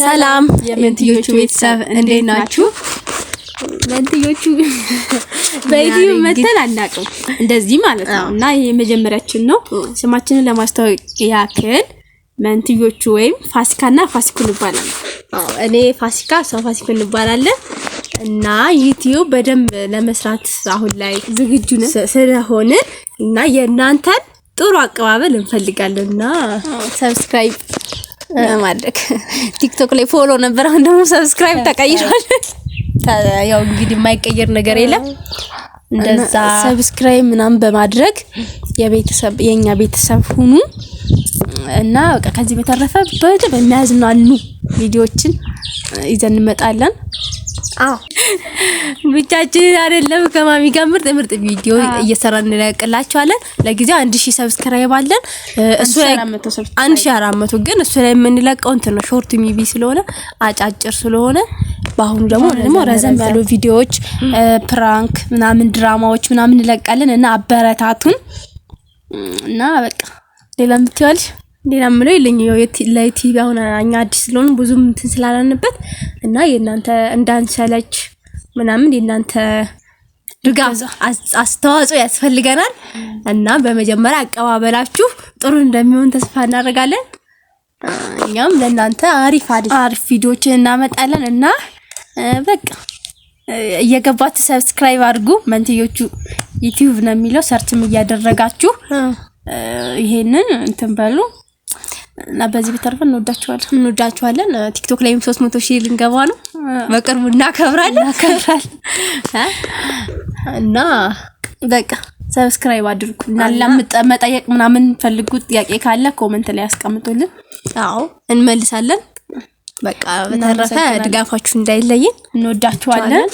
ሰላም የመንትዮቹ ቤተሰብ እንዴት ናችሁ? መንትዮቹ በኢትዮ መተን አናውቅም እንደዚህ ማለት ነው እና ይሄ መጀመሪያችን ነው። ስማችንን ለማስታወቅ ያክል መንትዮቹ ወይም ፋሲካና ፋሲኩን እንባላለን። እኔ ፋሲካ፣ እሷ ፋሲኩ እንባላለን እና ዩቲዩብ በደንብ ለመስራት አሁን ላይ ዝግጁ ስለሆነ እና የእናንተን ጥሩ አቀባበል እንፈልጋለን እና ሰብስክራይብ ማድረግ ቲክቶክ ላይ ፎሎ ነበር፣ አሁን ደግሞ ሰብስክራይብ ተቀይሯል። ያው እንግዲህ የማይቀየር ነገር የለም። እንደዛ ሰብስክራይብ ምናምን በማድረግ የቤተሰብ የኛ ቤተሰብ ሁኑ እና በቃ ከዚህ በተረፈ በደንብ የሚያዝናኑ ቪዲዮዎችን ይዘን እንመጣለን። አዎ ብቻችንን አይደለም ከማሚ ጋር ምርጥ ምርጥ ቪዲዮ እየሰራን እንለቅላችኋለን። ለጊዜው አንድ ሺህ ሰብስክራይብ አለን። እሱ ላይ አንድ ሺህ አራት መቶ ግን እሱ ላይ የምንለቀው እንትን ነው ሾርት ሚቪ ስለሆነ አጫጭር ስለሆነ በአሁኑ ደግሞ ደግሞ ረዘም ያሉ ቪዲዮዎች ፕራንክ ምናምን ድራማዎች ምናምን እንለቃለን እና አበረታቱን እና በቃ ሌላ የምትይዋለሽ ሌላ ምለው የለኝም። ለቲቪ አሁን እኛ አዲስ ስለሆኑ ብዙም እንትን ስላላንበት እና የእናንተ እንዳንሰለች ምናምን የእናንተ ድጋፍ አስተዋጽኦ ያስፈልገናል እና በመጀመሪያ አቀባበላችሁ ጥሩ እንደሚሆን ተስፋ እናደርጋለን። እኛም ለእናንተ አሪፍ አሪፍ ቪዲዮችን እናመጣለን እና በቃ እየገባት ሰብስክራይብ አድርጉ። መንትዮቹ ዩቲዩብ ነው የሚለው ሰርችም እያደረጋችሁ ይሄንን እንትን በሉ። እና በዚህ በተረፈ እንወዳችኋለን እንወዳችኋለን። ቲክቶክ ላይም 300 ሺህ ልንገባ ነው በቅርቡ እናከብራለን እናከብራለን እና በቃ ሰብስክራይብ አድርጉ እና ለመጠየቅ ምናምን ፈልጉ ጥያቄ ካለ ኮመንት ላይ አስቀምጡልን። አዎ እንመልሳለን። በቃ በተረፈ ድጋፋችሁ እንዳይለይን እንወዳችኋለን።